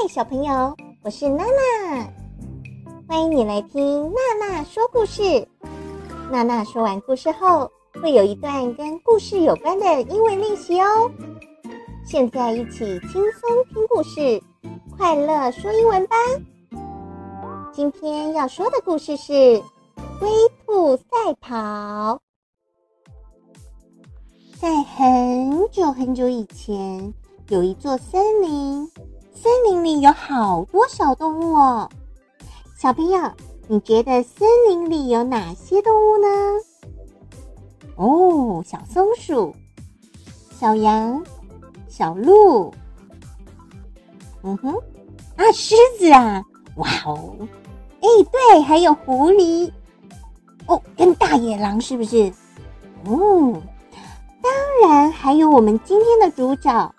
嗨，Hi, 小朋友，我是娜娜，歡迎你來聽娜娜說故事。娜娜說完故事後，會有一段跟故事有關的英文練習哦。現在一起輕鬆聽故事，快樂說英文吧。今天要說的故事是《龜兔賽跑》。在很久很久以前，有一座森林。森林裡有好多小動物哦，小朋友，你覺得森林裡有哪些動物呢？哦，小松鼠、小羊、小鹿，嗯哼，啊，獅子啊，哇哦，哎，對，還有狐狸，哦，跟大野狼是不是？嗯，哦，當然還有我們今天的主角。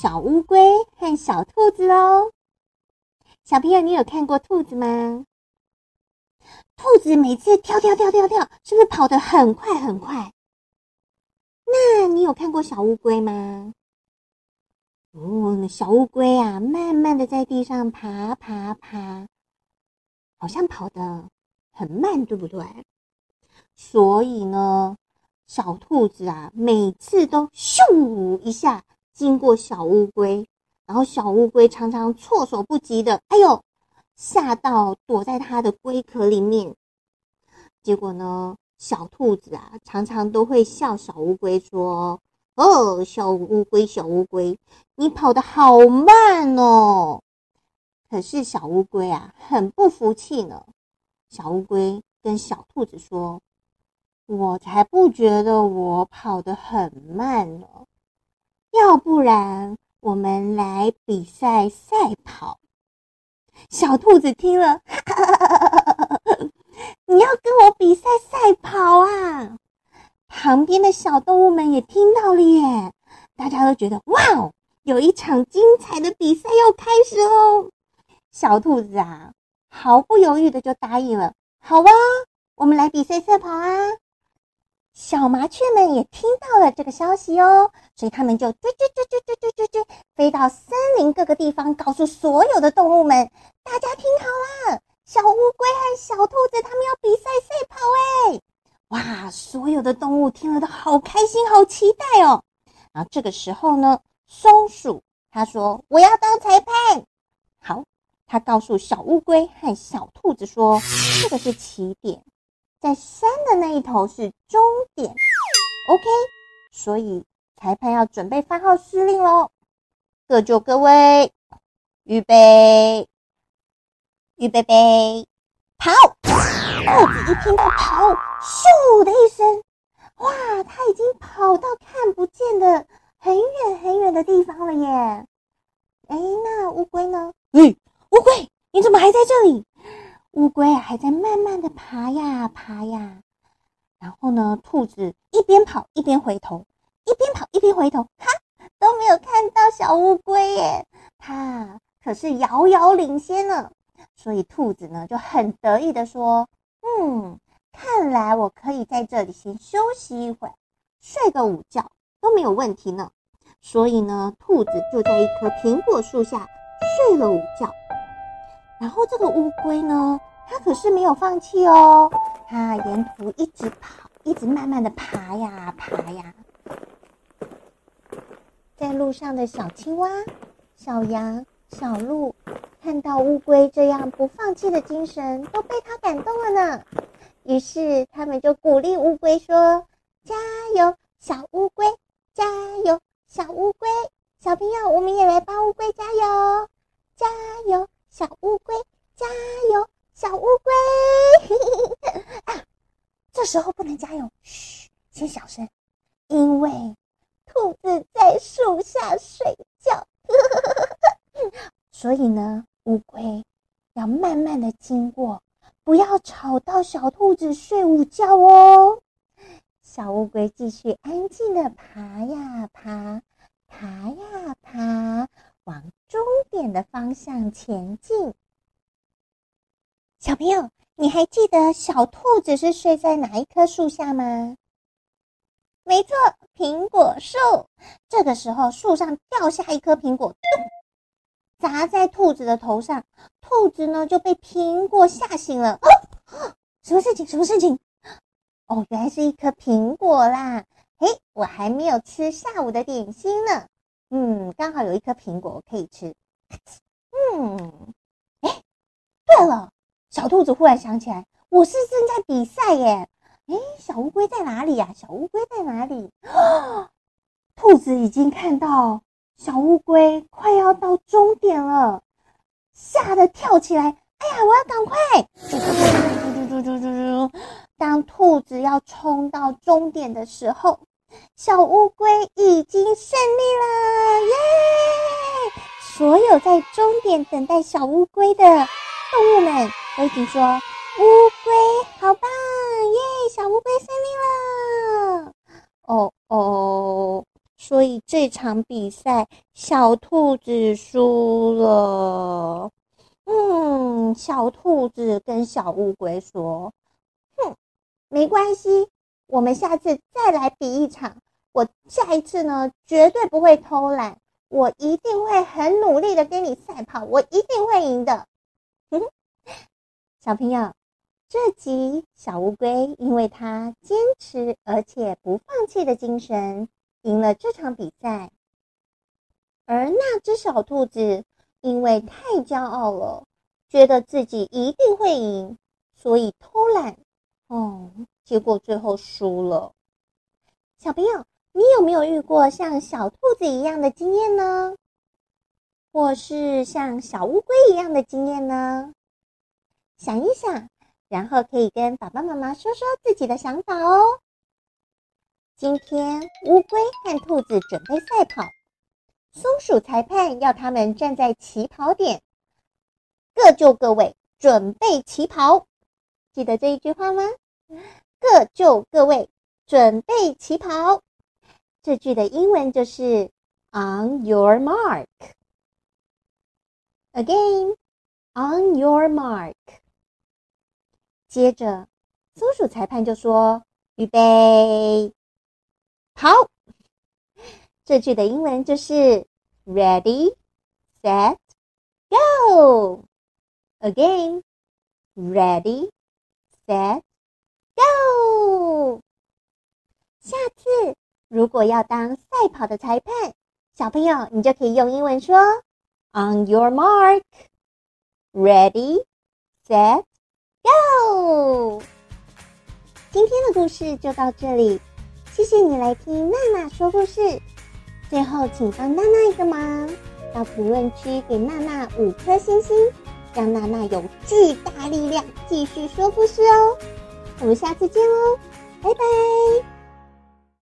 小烏龜和小兔子哦，小朋友，你有看過兔子嗎？兔子每次跳跳跳跳跳，是不是跑得很快很快？那你有看過小烏龜嗎？哦、嗯，小烏龜啊，慢慢的在地上爬爬爬，爬，好像跑得很慢，對不對？所以呢，小兔子啊，每次都咻一下。經過小烏龜，然後小烏龜常常措手不及的，哎呦，嚇到躲在它的龜殼裡面。結果呢，小兔子啊，常常都會笑小烏龜說：“哦，小烏龜，小烏龜，你跑得好慢哦。”可是小烏龜啊，很不服氣呢。小烏龜跟小兔子說：“我才不覺得我跑得很慢呢。”要不然，我們來比賽賽跑。小兔子聽了哈哈哈哈，你要跟我比賽賽跑啊？旁邊的小動物們也聽到了耶，大家都覺得哇哦，有一場精彩的比賽要開始嘍！小兔子啊，毫不猶豫的就答應了。好啊，我們來比賽賽跑啊！小麻雀們也聽到了這個消息哦，所以他們就追追追追追追追追，飛到森林各個地方，告訴所有的動物們：“大家聽好了，小烏龜和小兔子他們要比賽賽跑！”誒。哇，所有的動物聽了都好開心，好期待哦。然後這個時候呢，松鼠他說：“我要當裁判。”好，他告訴小烏龜和小兔子說：“這個是起點。”在山的那一頭是終點，OK，所以裁判要準備發號施令嘍。各就各位，預備，預備備，跑！兔子一聽到跑，咻的一聲，哇，他已經跑到看不見的很遠很遠的地方了耶。哎，那烏龜呢？嗯，烏龜，你怎麼還在這裡？烏龜還在慢慢地爬呀爬呀，然後呢，兔子一邊跑一邊回頭，一邊跑一邊回頭，哈，都沒有看到小烏龜耶，它可是遙遙領先了。所以兔子呢就很得意的說：“嗯，看來我可以在這裡先休息一會，睡個午覺都沒有問題呢。”所以呢，兔子就在一棵蘋果樹下睡了午覺，然後這個烏龜呢。他可是沒有放棄哦，他沿途一直跑，一直慢慢地爬呀爬呀，在路上的小青蛙、小羊、小鹿，看到烏龜這樣不放棄的精神，都被他感動了呢。於是他們就鼓勵烏龜說：“加油，小烏龜！加油，小烏龜！小朋友，我們也來幫烏龜加油！加油，小烏龜！加油！”小烏龜呵呵、啊，這時候不能加油，噓，先小聲，因為兔子在樹下睡覺，呵呵呵，所以呢，烏龜要慢慢的經過，不要吵到小兔子睡午覺哦。小烏龜繼續安靜的爬呀爬，爬呀爬，往終點的方向前進。小朋友，你還記得小兔子是睡在哪一棵樹下嗎？沒錯，蘋果樹。這個時候，樹上掉下一顆蘋果，咚，砸在兔子的頭上，兔子呢就被蘋果嚇醒了。哦，什麼事情？什麼事情？哦，原來是一顆蘋果啦。嘿，我還沒有吃下午的點心呢。嗯，剛好有一顆蘋果，我可以吃。嗯，哎，對了。小兔子忽然想起來，我是正在比賽耶！誒，小烏龜在哪裡呀？小烏龜在哪裡？啊！兔子已經看到小烏龜快要到終點了，嚇得跳起來！哎呀，我要趕快！嘟嘟嘟嘟嘟嘟！當兔子要衝到終點的時候，小烏龜已經勝利了耶！所有在終點等待小烏龜的動物們，都一起說：“烏龜好棒，耶！小烏龜勝利了。哦哦，所以這場比賽小兔子輸了。嗯，小兔子跟小烏龜說：‘哼，沒關係，我們下次再來比一場。我下一次呢，絕對不會偷懶，我一定會很努力的跟你賽跑，我一定會贏的。’” 小朋友，這集小烏龜因為它堅持而且不放棄的精神，贏了這場比賽。而那只小兔子因為太驕傲了，覺得自己一定會贏，所以偷懶哦，結果最後輸了。小朋友，你有沒有遇過像小兔子一樣的經驗呢？或是像小烏龜一樣的經驗呢？想一想，然後可以跟爸爸媽媽說說自己的想法哦。今天烏龜和兔子準備賽跑，松鼠裁判要他們站在起跑點，各就各位，準備起跑。記得這一句話嗎？各就各位，準備起跑。這句的英文就是 “on your mark”。Again, on your mark。接着，松鼠裁判就說：“預備，跑。”這句的英文就是 “Ready, set, go”。Again, ready, set, go。下次如果要當賽跑的裁判，小朋友，你就可以用英文說。On your mark, Ready, Set, Go！今天的故事就到這裡，謝謝你來聽娜娜說故事。最後，請幫娜娜一個忙，到評論區給娜娜五顆星星，讓娜娜有巨大力量繼續說故事哦。我們下次見哦，拜拜。